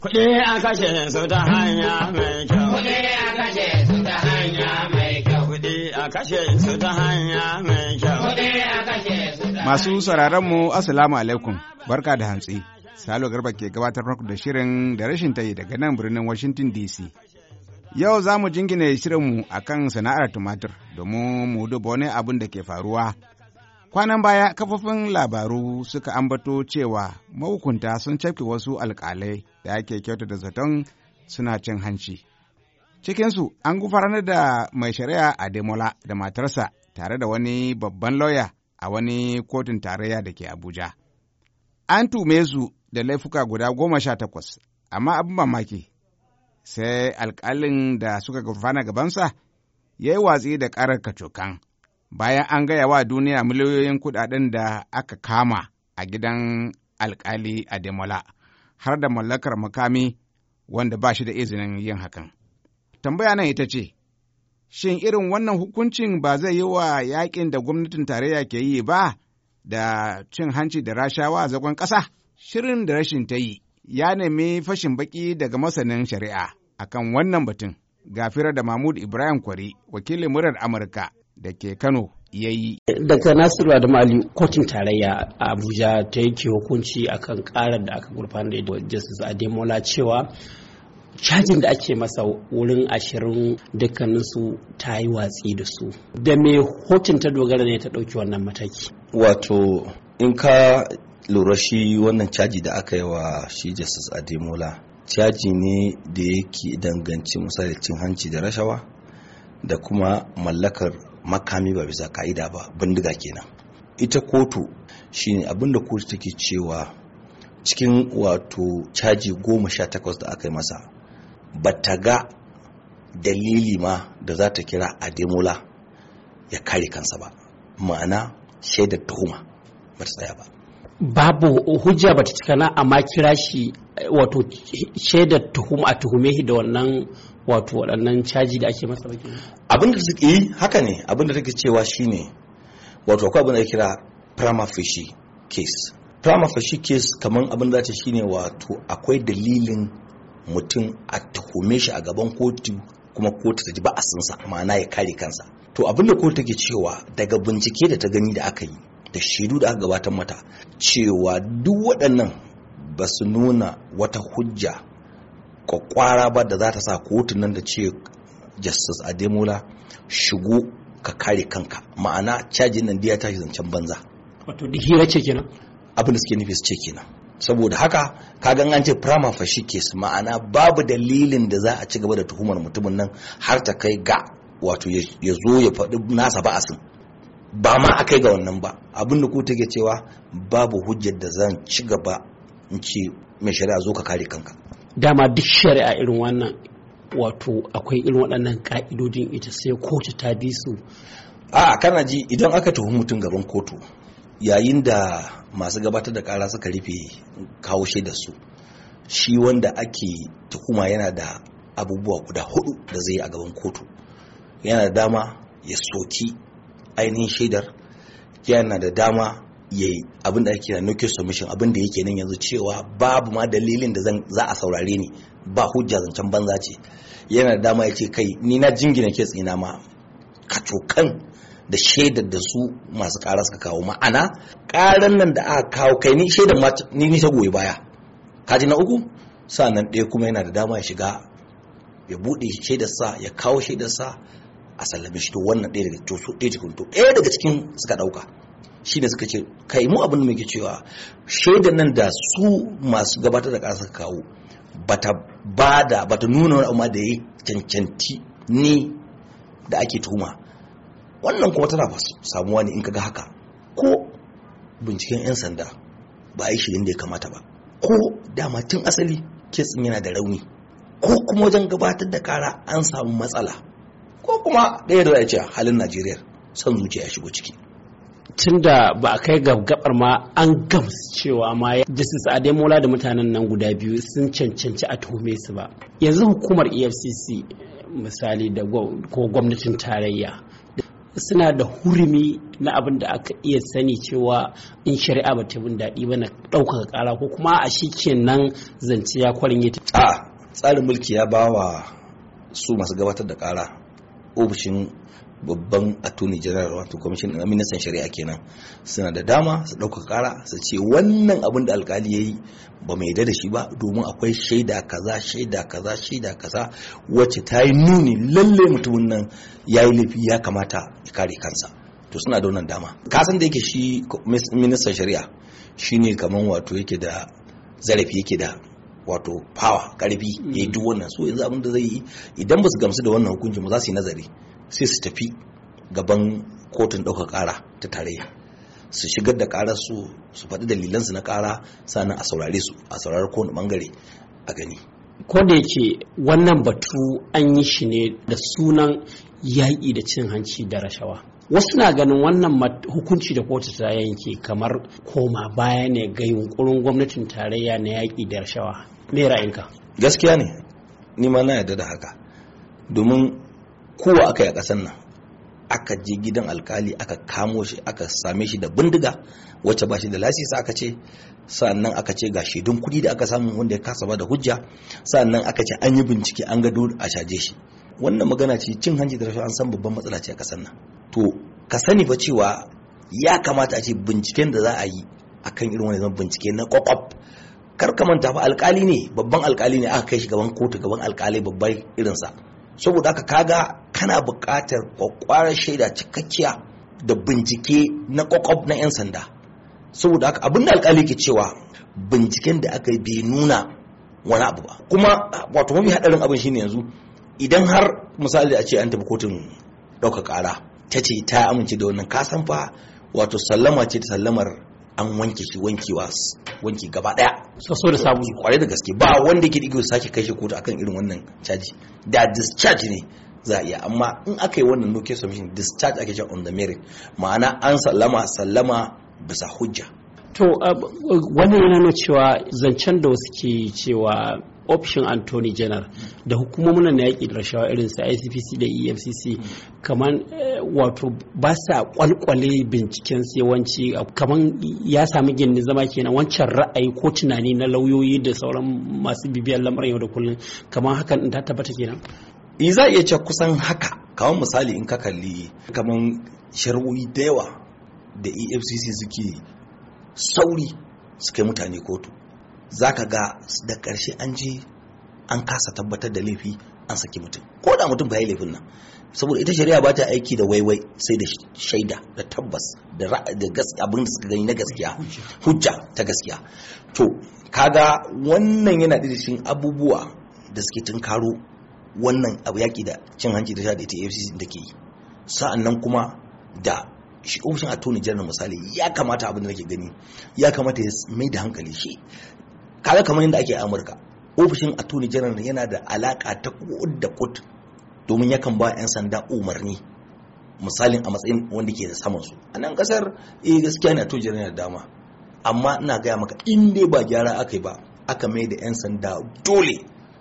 Kuɗi a kashe su ta hanya mai kyau. Kuɗi a kashe su ta hanya mai kyau. Kuɗi a kashe su ta hanya mai kyau. Kuɗi a kashe su ta Masu sauraron mu Assalamu alaikum. Barka da hantsi. Salo Garba ke gabatar muku da shirin da rashin tayi daga nan birnin Washington DC. Yau za mu jingina shirinmu a kan sana'ar tumatir domin mu duba wani abin da ke faruwa Kwanan baya kafofin labaru suka ambato cewa mahukunta sun cafke wasu alkalai da ake kyauta da zaton suna cin hanci. Cikinsu an gufanar da mai shari'a a Demola da matarsa tare da wani babban lauya a wani kotun tarayya da ke Abuja. An tume su da laifuka guda goma sha takwas, amma abin mamaki sai alkalin da suka gurfana gabansa ya yi watsi da ƙarar kacokan. bayan an gaya wa duniya miliyoyin kudaden da aka kama a gidan alkali Ademola har da mallakar makami wanda ba shi da izinin yin hakan. Tambaya nan ita ce, Shin irin wannan hukuncin ba zai yi wa yakin da gwamnatin tarayya ke yi ba da cin hanci da rashawa zagon ƙasa? Shirin da rashin ta yi ya nemi fashin baki daga masanin shari'a akan wannan batun. Gafira da Mahmud Ibrahim Kwari, wakilin murar Amurka da ke Kano ya yi. Daga Nasiru Adamu Ali kotun tarayya a Abuja ta yanke hukunci akan karar da aka gurfanar da Justice Ademola cewa cajin da ake masa wurin ashirin dukkaninsu ta yi watsi da su. Da me hotun ta dogara ne ta ɗauki wannan mataki. Wato in ka lura shi wannan caji da aka yi wa shi Justice Ademola caji ne da yake danganci misali cin hanci da rashawa da kuma mallakar makami ba bisa ka'ida ba bindiga kenan ita kotu shine abinda kotu take cewa cikin wato caji goma sha takwas da aka yi masa ba ta ga dalili ma da za ta kira ademola ya kare kansa ba ma'ana shaidar tuhuma ba ta tsaya ba babu hujja ba ta cika na amma kira shi eh, wato shaidar tuhuma a tuhume da wannan wato waɗannan caji da ake masa baki abin da yi haka ne abin da take cewa shine wato akwai abin da kira prima facie case prima facie case kamar abin da ta shine wato akwai dalilin mutum a tuhume shi a gaban kotu kuma kotu ta ji ba a sansa ma'ana ya kare kansa to abin da kotu take cewa daga bincike da ta gani da aka yi da shaidu da aka gabatar mata cewa duk waɗannan ba su nuna wata hujja kwakwara ba da za ta sa kotun nan da ce justice ademola shigo ka kare kanka ma'ana cajin nan ta tashi zancen banza wato da hira ce kenan abin da suke nufi su ce kenan saboda haka ka an ce prima fashi case ma'ana babu dalilin da za a ci gaba da tuhumar mutumin nan har ta kai ga wato ya zo ya faɗi nasa ba a ba'asin ba ma a kai ga wannan ba abin da kuta ke cewa babu hujjar da zan ci gaba in ce mai shari'a zo ka kare kanka dama duk shari'a irin wannan wato akwai irin waɗannan ka'idodin ita sai kotu ta bi su a kana ji idan aka tuhumi mutum gaban kotu yayin da masu gabatar da kara suka rufe kawo da su shi wanda ake tuhuma yana da abubuwa guda hudu da zai yi a gaban kotu yana da dama ya soki ainihin shaidar yana da dama ya yi abin da ake no submission abin da yake nan yanzu cewa babu ma dalilin da zan za a saurare ni ba hujja zancen banza ce yana da dama ya kai ni na jingina ke tsina ma kacokan da shaidar da su masu ƙara suka kawo ma'ana ƙaran nan da aka kawo kai ni shaidar ma ni ni ta goyi baya kaji na uku nan ɗaya kuma yana da dama ya shiga ya buɗe shaidarsa ya kawo shaidarsa a sallame shi to wannan ɗaya daga cikin ɗaya daga cikin suka ɗauka shi ne suka ce kai mu abin da muke cewa shaidan nan da su masu gabatar da kasa kawo bata bada bata nuna wani amma da ya cancanti ne da ake tuhuma wannan kuma tana samuwa ne in kaga haka ko binciken 'yan sanda ba a yi shirin da ya kamata ba ko dama tun asali tsin yana da rauni ko kuma wajen gabatar da kara an samu matsala ko kuma ɗaya da ya ce halin najeriya son zuciya ya shigo ciki tun da ba a kai ga gabar ma an gamsu cewa ma justice ademola da mutanen nan guda biyu sun cancanci a tuhume su ba yanzu hukumar efcc misali da ko gwamnatin tarayya suna da hurumi na abin da aka iya sani cewa in shari'a ba ta bin daɗi ba na ɗaukaka ƙara ko kuma a shi nan zance ya kwarin yi ta. a tsarin mulki ya ba wa su masu gabatar da ƙara ofishin babban attorney general wato commission na ministan shari'a kenan suna da dama su ɗauka ƙara su ce wannan abin da alkali ya yi ba mai yarda da shi ba domin akwai shaida kaza shaida kaza shaida kaza wacce ta yi nuni lalle mutumin nan ya yi laifi ya kamata ya kare kansa to suna da wannan dama kasan da yake shi ministan shari'a shine kaman wato yake da zarafi yake da wato power karfi ya yi mm. duk wannan so yanzu abin da zai yi idan ba su gamsu da wannan hukuncin ba za su yi nazari sai su tafi gaban kotun ɗaukar ƙara ta tarayya su shigar da ƙararsu su faɗi dalilansu na ƙara sannan a saurare su a saurari kowane ɓangare a gani ko da yake wannan batu an yi shi ne da sunan yaƙi da cin hanci da rashawa wasu na ganin wannan hukunci da kotu ta yanke kamar koma baya ne ga yunkurin gwamnatin tarayya na yaƙi da rashawa me ra'ayinka gaskiya ne ni ma na yarda da haka domin kowa aka yi a ƙasar nan aka je gidan alkali aka kamo shi aka same shi da bindiga wacce ba shi da lasisa aka ce sannan aka ce ga shaidun kuɗi da aka samu wanda ya kasa ba da hujja sannan aka ce an yi bincike an gado a caje shi wannan magana ce cin hanci da rashin an san babban matsala ce a kasan nan to ka sani ba cewa ya kamata a ce binciken da za a yi akan irin wani bincike na kwakwaf kar ka manta fa alkali ne babban alkali ne aka kai shi gaban kotu gaban alkali babban irinsa saboda haka kaga kana buƙatar kwakwarar shaida cikakkiya da bincike na kwakwab na 'yan sanda saboda haka abin da alkali ke cewa binciken da aka yi bai nuna wani abu ba kuma wato mafi haɗarin abin shine yanzu idan har misali a ce an tafi kotun ɗaukar ƙara ta ce ta amince da wannan kasan fa wato sallama ce ta sallamar an wanke shi wankewa wanki gaba daya so da sabu kware da gaske ba wanda ke digo sake kai shi kotu akan irin wannan caji da discharge ne za a iya amma in aka yi wannan no case submission discharge ake cewa on the merit ma'ana an sallama sallama bisa hujja to uh, wani yana cewa zancen da wasu ke cewa option Anthony General da hukumomin na yaƙi da rashawa irin su ICPC da EFCC kamar eh, wato ba sa kwalkwale binciken yawanci kamar ya sami gindin zama kenan wancan ra'ayi ko tunani na lauyoyi da sauran masu bibiyar lamarin yau da kullum kamar hakan in ta tabbata kenan i e, za iya ce kusan haka kamar misali in ka kalli kamar shari'o'i da yawa da efcc suke sauri suke mutane kotu za ka ga da ƙarshe an ji an kasa tabbatar da laifi an saki mutum ko da mutum ba ya laifin nan saboda ita shari'a ba ta aiki da waiwai sai da shaida da tabbas da abin da suka gani na gaskiya hujja ta gaskiya to kaga wannan yana da cikin abubuwa da suke tunkaro wannan abu yaki da cin hanci da shaɗa da ita afcc da ke yi sa'annan kuma da shi ofishin attorney general misali ya kamata abin da nake gani ya kamata ya mai da hankali shi kaga kamar yadda ake amurka ofishin attorney general yana da alaka ta kud da kud domin yakan ba 'yan sanda umarni misalin a matsayin wanda ke da saman su a nan kasar eh gaskiya ne attorney general da dama amma ina gaya maka in dai ba gyara aka yi ba aka mai da 'yan sanda dole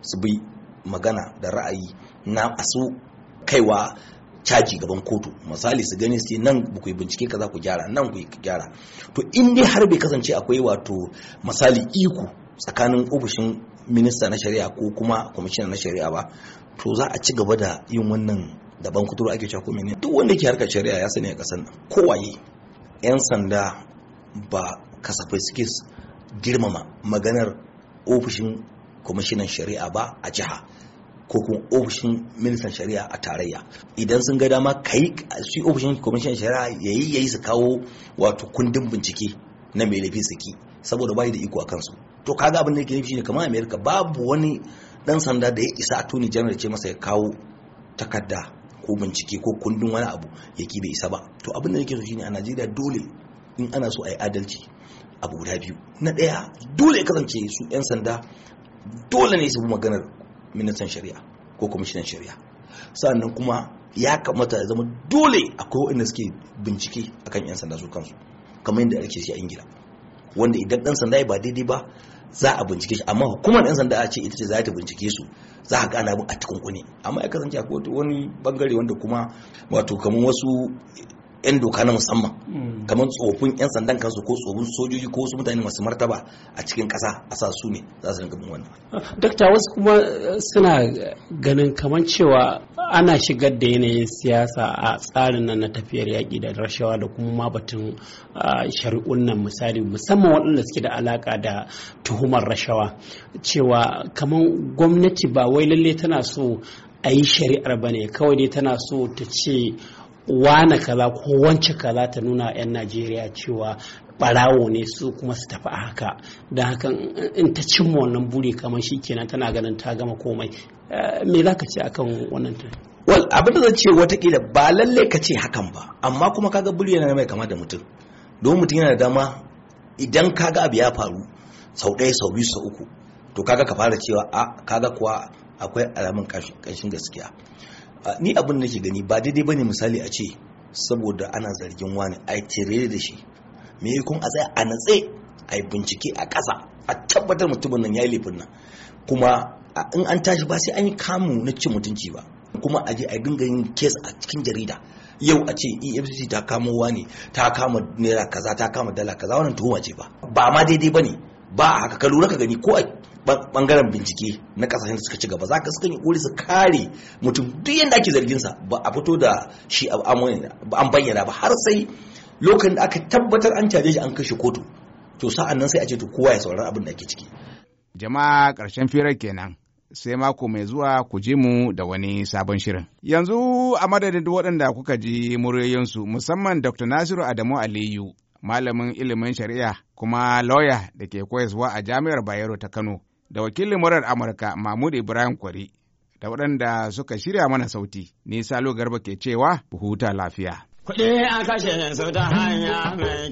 su bi magana da ra'ayi na asu kaiwa caji gaban kotu misali su gani su nan ku yi bincike kaza ku gyara nan ku yi gyara to in dai har bai kasance akwai wato misali iko tsakanin ofishin minista na shari'a ko kuma kwamishina na shari'a ba to za a ci gaba da yin wannan daban kuturu ake cewa ko ne. duk wanda ke harkar shari'a ya sani a kasar nan kowaye yan sanda ba kasafai suke girmama maganar ofishin kwamishinan shari'a ba a jiha ko kuma ofishin ministan shari'a a tarayya idan sun ga dama kai su ofishin kwamishinan shari'a yayi yayi su kawo wato kundin bincike na mai laifi ki. saboda bai da iko a kansu to kaga abin da yake nufi shine kamar America babu wani dan sanda da ya isa attorney general ce masa ya kawo takarda ko bincike ko kundin wani abu ya bai isa ba to abin da yake so shine a Najeriya dole in ana so a yi adalci abu guda biyu na daya dole ya kasance su 'yan sanda dole ne su bi maganar ministan shari'a ko kwamishinan shari'a sannan kuma ya kamata ya zama dole akwai waɗanda suke bincike akan 'yan sanda su kansu kamar yadda ake shi a ingila wanda idan dan sanda ba daidai ba za a bincike shi amma hukumar yan sanda a ce ita ce za ta bincike su za a gana abin a tukunkuni amma ya kasance akwai wani bangare wanda kuma wato kamar wasu 'yan doka na musamman hmm. kamar tsofin 'yan sandan kansu ko tsofin sojoji ko wasu mutane masu martaba a cikin kasa a sa su ne za su rinka bin wannan. Dokta wasu kuma suna ganin kamar cewa ana shigar da yanayin siyasa a tsarin nan na tafiyar yaƙi da rashawa da kuma ma batun shari'un nan misali musamman waɗanda suke da alaƙa da tuhumar rashawa cewa kamar gwamnati ba wai lalle tana so a yi shari'ar ba ne kawai dai tana so ta ce wane kaza ko wance kaza ta nuna 'yan najeriya cewa barawo ne su kuma su tafi a haka da haka in ta cimma wannan buri kamar shi kenan tana ganin ta gama komai eh, me za ka ce akan wannan ta wal abin da zan ce watakila ba lallai ka ce hakan ba amma kuma kaga buri yana mai kama da mutum don mutum yana da dama idan kaga abu ya faru sau ɗaya sau biyu sau uku to kaga ka fara cewa a ah, kaga kuwa akwai alamun ƙarshen gaskiya eh, ni abin da nake gani ba daidai bane misali a ce saboda ana zargin wani a tere da shi me kun a tsaya a natse a yi bincike a ƙasa a tabbatar mutumin nan ya yi laifin nan kuma in an tashi ba sai an yi kamun na cin mutunci ba kuma a je a dinga yin kes a cikin jarida yau a ce efcc ta kamo wani ta kama naira kaza ta kama dala kaza wannan tuhuma ce ba ba ma daidai ba ne ba a haka ka lura ka gani ko a bangaren bincike na kasashen da suka ci gaba za ka suka yi kori su kare mutum duk yadda ake zargin sa ba a fito da shi an bayyana ba har sai lokacin da aka tabbatar an caje shi an kashe kotu to sa'an nan sai a ce to kowa ya saurari abin da ake ciki jama'a ƙarshen firar kenan sai mako mai zuwa ku ji mu da wani sabon shirin. Yanzu a madadin waɗanda kuka ji muryoyinsu musamman Dr. Nasiru Adamu Aliyu, malamin ilimin shari'a kuma lauya da ke koyaswa a Jami'ar Bayero ta Kano, da wakilin murar Amurka Mahmud Ibrahim Kwari, da waɗanda suka shirya mana sauti, ni Salo Garba ke cewa huta lafiya. Kuɗi a kashe su ta hanya mai